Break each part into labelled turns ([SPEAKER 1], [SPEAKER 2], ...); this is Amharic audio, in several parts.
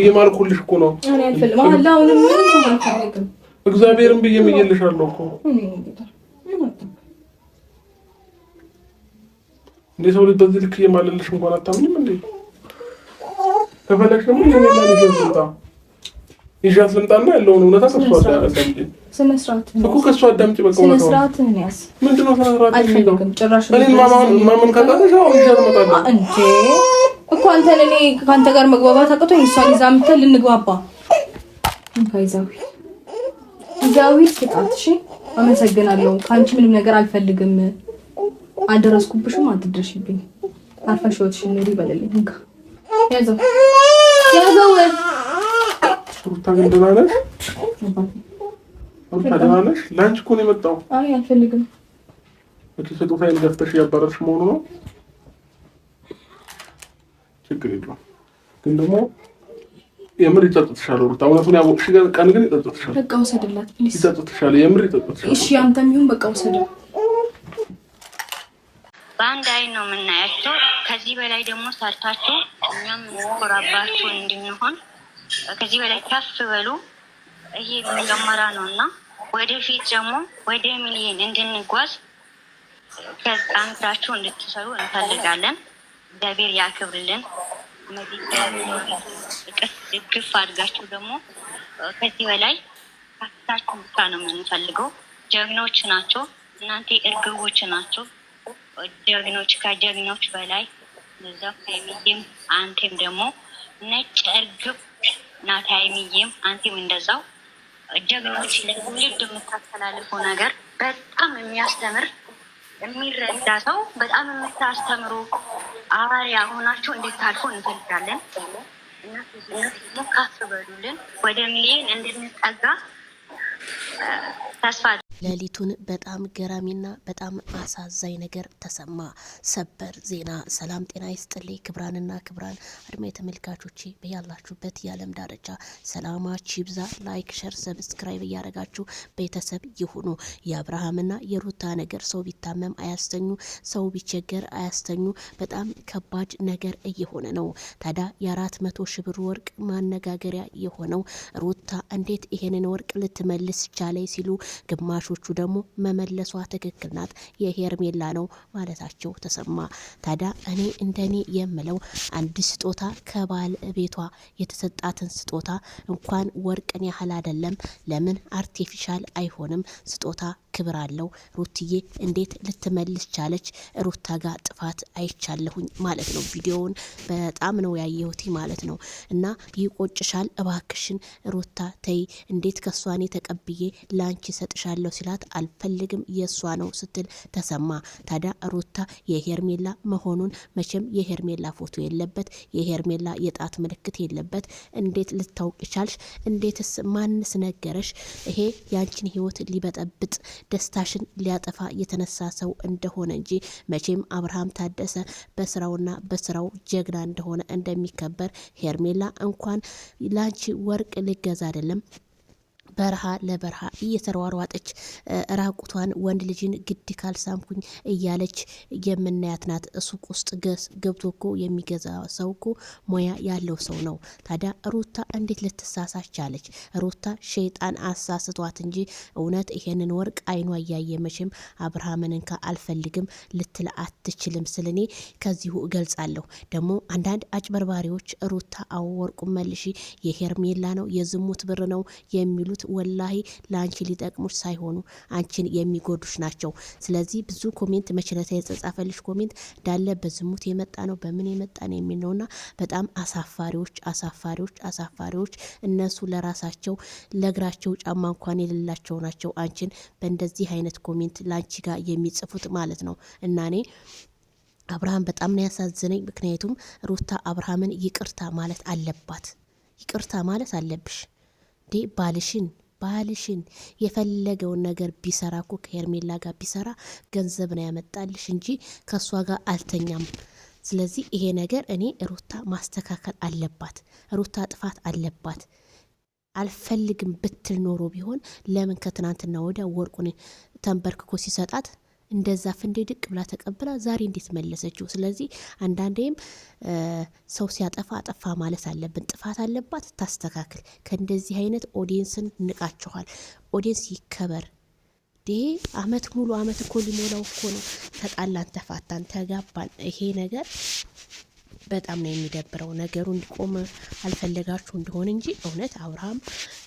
[SPEAKER 1] እየማልኩልሽ እኮ ነው። እግዚአብሔርን ብዬ ምዬልሻለሁ እኮ እንዴ ሰው ልጅ በዚህ ልክ እየማለልሽ እንኳን አታምኝም እንዴ? ከፈለግሽ ደግሞ ይዣት ልምጣና ያለውን እውነታ ከእሱ አዳምጪ ስነ እኮ ከእሱ አዳምጪ በቃ ነው ጭራሽ ማመን አሁን
[SPEAKER 2] እኮ አንተ ለኔ ከአንተ ጋር መግባባት አቅቶኝ እሷን ይዛ የምትል ልንግባባ እሺ አመሰግናለሁ ከአንቺ ምንም ነገር አልፈልግም አልደረስኩብሽም አትደርሽብኝ። አርፈሽ ወጥሽ ኑሪ በለልኝ እንካ ያዘው ያዘው
[SPEAKER 1] ሩታ ግን ደህና ነሽ? ሩታ ደህና ነሽ? ለአንቺ እኮ ነው የመጣው።
[SPEAKER 2] አይ አልፈልግም።
[SPEAKER 1] እቺ ስጦታዬን ገፍተሽ እያባረርሽ መሆኑ ነው። ችግር የለውም ግን ደግሞ የምር ይጸጥትሻል ሩታ። እውነቱን ያወቅሽ ቀን ግን ይጸጥትሻል።
[SPEAKER 2] በቃ ውሰድላት
[SPEAKER 1] ፕሊስ፣ ይጸጥትሻል፣ የምር ይጸጥትሻል።
[SPEAKER 2] እሺ አንተም ይሁን በቃ ውሰደው።
[SPEAKER 3] በአንድ አይን ነው የምናያቸው። ከዚህ በላይ ደግሞ ሰርታችሁ እኛም እንኮራባችሁ እንድንሆን ከዚህ በላይ ከፍ በሉ። ይሄ መጀመሪያ ነው እና ወደፊት ደግሞ ወደ ሚሊዮን እንድንጓዝ ከጣምታችሁ እንድትሰሩ እንፈልጋለን። እግዚአብሔር ያክብርልን። ግፍ አድጋችሁ ደግሞ ከዚህ በላይ ከፍታችሁ ብቻ ነው የምንፈልገው። ጀግኖች ናቸው እናንተ እርግቦች ናቸው። ጀግኖች ከጀግኖች በላይ ዘፍ አንቴም ደግሞ ነጭ እርግብ ናቲ ሀይሚዬም አንቲም እንደዛው ጀግኖች ለትውልድ የምታስተላልፉ ነገር በጣም የሚያስተምር የሚረዳ ሰው በጣም የምታስተምሩ አርአያ ሆናችሁ እንድታልፉ እንፈልጋለን። ከፍ በሉልን፣ ወደ ሚሊዮን እንድንጠጋ ተስፋ
[SPEAKER 4] ሌሊቱን በጣም ገራሚና በጣም አሳዛኝ ነገር ተሰማ። ሰበር ዜና። ሰላም ጤና ይስጥልኝ ክብራንና ክብራን አድማ የተመልካቾቼ በያላችሁበት የዓለም ዳርቻ ሰላማችሁ ይብዛ። ላይክ፣ ሸር፣ ሰብስክራይብ እያደረጋችሁ ቤተሰብ ይሁኑ። የአብርሃምና የሩታ ነገር ሰው ቢታመም አያስተኙ፣ ሰው ቢቸገር አያስተኙ። በጣም ከባድ ነገር እየሆነ ነው። ታዲያ የአራት መቶ ሺህ ብር ወርቅ ማነጋገሪያ የሆነው ሩታ እንዴት ይሄንን ወርቅ ልትመልስ ቻለይ ሲሉ ግማሹ ለአድማጮቹ ደግሞ መመለሷ ትክክል ናት የሄርሜላ ነው ማለታቸው ተሰማ። ታዲያ እኔ እንደኔ የምለው አንድ ስጦታ ከባል ቤቷ የተሰጣትን ስጦታ እንኳን ወርቅን ያህል አይደለም ለምን አርቲፊሻል አይሆንም ስጦታ ክብር አለው። ሩትዬ እንዴት ልትመልስ ቻለች? ሩታ ጋር ጥፋት አይቻለሁኝ ማለት ነው። ቪዲዮውን በጣም ነው ያየሁት ማለት ነው። እና ይቆጭሻል፣ እባክሽን ሩታ ተይ፣ እንዴት ከሷኔ ተቀብዬ ላንቺ ሰጥሻለሁ ሲላት አልፈልግም የእሷ ነው ስትል ተሰማ። ታዲያ ሩታ የሄርሜላ መሆኑን መቼም የሄርሜላ ፎቶ የለበት፣ የሄርሜላ የጣት ምልክት የለበት። እንዴት ልታውቅ ቻልሽ? እንዴትስ ማንስ ነገረሽ? ይሄ ያንቺን ህይወት ሊበጠብጥ ደስታሽን ሊያጠፋ የተነሳ ሰው እንደሆነ እንጂ መቼም አብርሃም ታደሰ በስራውና በስራው ጀግና እንደሆነ እንደሚከበር ሄርሜላ እንኳን ላንቺ ወርቅ ልገዛ አይደለም በረሃ ለበረሃ እየተሯሯጠች ራቁቷን ወንድ ልጅን ግድ ካልሳምኩኝ እያለች የምናያት ናት። ሱቅ ውስጥ ገብቶ እኮ የሚገዛ ሰው እኮ ሙያ ያለው ሰው ነው። ታዲያ ሩታ እንዴት ልትሳሳች ቻለች? ሩታ ሸይጣን አሳስቷት እንጂ እውነት ይሄንን ወርቅ አይኗ እያየ መቼም አብርሃምን እንካ አልፈልግም ልትል አትችልም። ስል እኔ ከዚሁ እገልጻለሁ። ደግሞ አንዳንድ አጭበርባሪዎች ሩታ አዎ መልሺ የሄርሜላ ነው የዝሙት ብር ነው የሚሉት ወላሂ ለአንቺ ሊጠቅሙሽ ሳይሆኑ አንቺን የሚጎዱሽ ናቸው። ስለዚህ ብዙ ኮሜንት መችለታ የተጻፈልሽ ኮሜንት እንዳለ በዝሙት የመጣ ነው በምን የመጣ ነው የሚል ነውና በጣም አሳፋሪዎች አሳፋሪዎች አሳፋሪዎች። እነሱ ለራሳቸው ለእግራቸው ጫማ እንኳን የሌላቸው ናቸው። አንቺን በእንደዚህ አይነት ኮሜንት ለአንቺ ጋር የሚጽፉት ማለት ነው እና እኔ አብርሃም በጣም ነው ያሳዝነኝ። ምክንያቱም ሩታ አብርሃምን ይቅርታ ማለት አለባት። ይቅርታ ማለት አለብሽ። እንዴ ባልሽን ባልሽን የፈለገውን ነገር ቢሰራ እኮ ከሄርሜላ ጋር ቢሰራ ገንዘብ ነው ያመጣልሽ እንጂ ከእሷ ጋር አልተኛም። ስለዚህ ይሄ ነገር እኔ ሩታ ማስተካከል አለባት። ሩታ ጥፋት አለባት። አልፈልግም ብትል ኖሮ ቢሆን ለምን ከትናንትና ወዲያ ወርቁን ተንበርክኮ ሲሰጣት እንደዛ ፍንዴ ድቅ ብላ ተቀብላ ዛሬ እንዴት መለሰችው? ስለዚህ አንዳንዴም ሰው ሲያጠፋ አጠፋ ማለት አለብን። ጥፋት አለባት ታስተካክል። ከእንደዚህ አይነት ኦዲየንስን ንቃችኋል። ኦዲየንስ ይከበር። ይሄ አመት ሙሉ አመት እኮ ሊሞላው እኮ ነው። ተጣላን፣ ተፋታን፣ ተጋባን። ይሄ ነገር በጣም ነው የሚደብረው። ነገሩ እንዲቆም አልፈለጋችሁ እንዲሆን እንጂ እውነት አብርሃም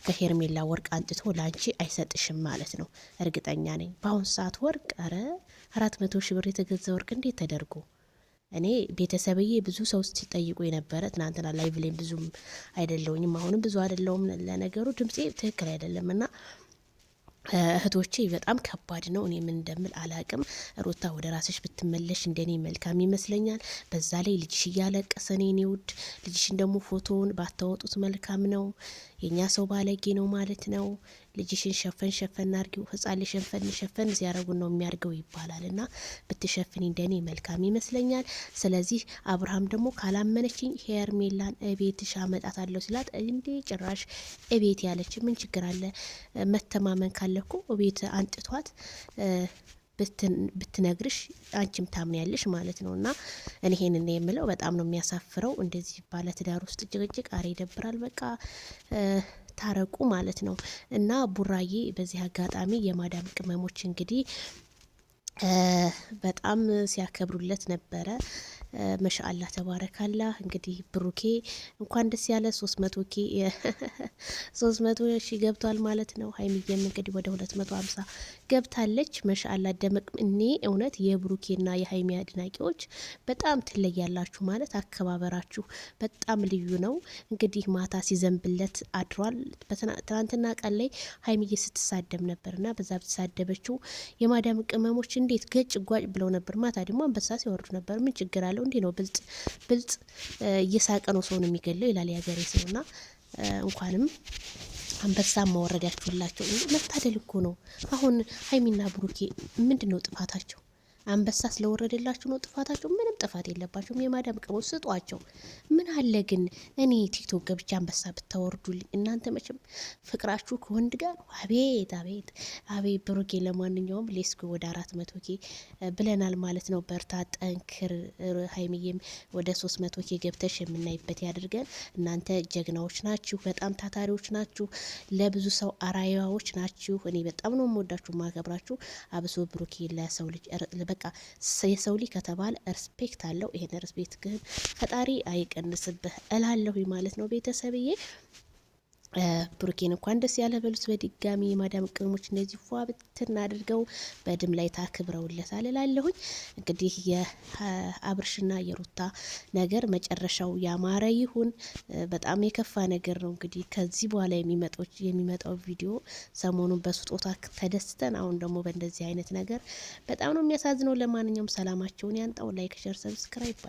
[SPEAKER 4] ከሄርሜላ ወርቅ አንጥቶ ለአንቺ አይሰጥሽም ማለት ነው። እርግጠኛ ነኝ በአሁን ሰዓት ወርቅ ረ አራት መቶ ሺህ ብር የተገዛ ወርቅ እንዴት ተደርጎ እኔ ቤተሰብዬ ብዙ ሰው ሲጠይቁ የነበረ ትናንትና ላይ ብሌን ብዙም አይደለውኝም አሁንም ብዙ አይደለውም። ለነገሩ ድምፄ ትክክል አይደለም እና እህቶቼ በጣም ከባድ ነው። እኔ ምን እንደምል አላቅም። ሩታ ወደ ራስሽ ብትመለሽ እንደኔ መልካም ይመስለኛል። በዛ ላይ ልጅሽ እያለቀሰ እኔ ውድ ልጅሽን ደግሞ ፎቶውን ባታወጡት መልካም ነው። የእኛ ሰው ባለጌ ነው ማለት ነው። ልጅሽን ሸፈን ሸፈን አርጊው፣ ህጻን ሸፈን ሸፈን ሲያረጉን ነው የሚያርገው ይባላል እና ብትሸፍን እንደኔ መልካም ይመስለኛል። ስለዚህ አብርሃም ደግሞ ካላመነችኝ ሄርሜላን እቤትሽ አመጣታለሁ ሲላት እንዴ ጭራሽ እቤት ያለች ምን ችግር አለ? መተማመን ካለኩ እቤት አንጥቷት ብትነግርሽ አንቺም ታምንያለሽ ማለት ነው። እና እኔ ይሄንን የምለው በጣም ነው የሚያሳፍረው። እንደዚህ ባለ ትዳር ውስጥ ጭቅጭቅ አሬ ይደብራል። በቃ ታረቁ ማለት ነው። እና ቡራዬ በዚህ አጋጣሚ የማዳም ቅመሞች እንግዲህ በጣም ሲያከብሩለት ነበረ። መሻአላ ተባረካላ። እንግዲህ ብሩኬ እንኳን ደስ ያለ ሶስት መቶ ኬ ሶስት መቶ ሺ ገብቷል ማለት ነው። ሀይሚዬም እንግዲህ ወደ ሁለት መቶ ሀምሳ ገብታለች። መሻአላ ደመቅ። እኔ እውነት የብሩኬና የሀይሚ አድናቂዎች በጣም ትለያላችሁ ማለት አከባበራችሁ በጣም ልዩ ነው። እንግዲህ ማታ ሲዘንብለት አድሯል። ትናንትና ቀን ላይ ሀይሚዬ ስትሳደብ ነበርና በዛ ብትሳደበችው የማዳም ቅመሞች እንዴት ገጭ ጓጭ ብለው ነበር። ማታ ደግሞ አንበሳ ሲወርዱ ነበር። ምን ችግር አለ? የሚባለው እንዲህ ነው። ብልጥ ብልጥ እየሳቀ ነው ሰውን የሚገለው ይላል የሀገሬ ሰው እና እንኳንም አንበሳ ማወረዳችሁላቸው መታደል እኮ ነው። አሁን ሀይሚና ብሩኬ ምንድን ነው ጥፋታቸው? አንበሳ ስለወረደላችሁ ነው ጥፋታችሁ? ምንም ጥፋት የለባችሁም። የማዳም ቅሞች ስጧቸው። ምን አለ ግን እኔ ቲክቶክ ገብቼ አንበሳ ብታወርዱልኝ። እናንተ መቼም ፍቅራችሁ ከወንድ ጋር አቤት አቤት አቤት። ብሩኬ ለማንኛውም ሌስኩ ወደ አራት መቶ ኬ ብለናል ማለት ነው። በርታ ጠንክር። ሀይሚዬም ወደ ሶስት መቶ ኬ ገብተሽ የምናይበት ያድርገን። እናንተ ጀግናዎች ናችሁ፣ በጣም ታታሪዎች ናችሁ፣ ለብዙ ሰው አራያዎች ናችሁ። እኔ በጣም ነው የምወዳችሁ ማከብራችሁ። አብሶ ብሩኬ ለሰው ልጅ በቃ የሰው ልጅ ከተባለ ሪስፔክት አለው። ይሄን ሪስፔክት ግን ፈጣሪ አይቀንስብህ እላለሁ ማለት ነው ቤተሰብዬ። ብሩኬን እንኳን ደስ ያለ በሉት። በድጋሚ የማዳም ቅመሞች እንደዚህ ፏ ብትና አድርገው በድም ላይ ታክብረውለታል እላለሁኝ። እንግዲህ የአብርሽና የሩታ ነገር መጨረሻው ያማረ ይሁን። በጣም የከፋ ነገር ነው። እንግዲህ ከዚህ በኋላ የሚመጣው ቪዲዮ ሰሞኑን በስጦታ ተደስተን፣ አሁን ደግሞ በእንደዚህ አይነት ነገር በጣም ነው የሚያሳዝነው። ለማንኛውም ሰላማቸውን ያንጣው። ላይክ፣ ሸር፣ ሰብስክራይብ